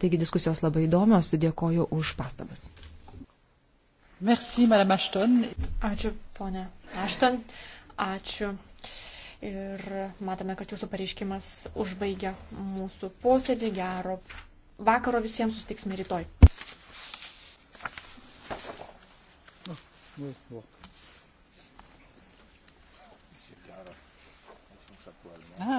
Taigi diskusijos labai įdomios, dėkoju už pastabas. Merci, Madame Ashton. Ačiū, ponė Ashton. Ačiū. Ir matome, kad jūsų pareiškimas užbaigia mūsų posėdį. Gero vakaro visiems sustiksime rytoj. Oui, bon. Ah.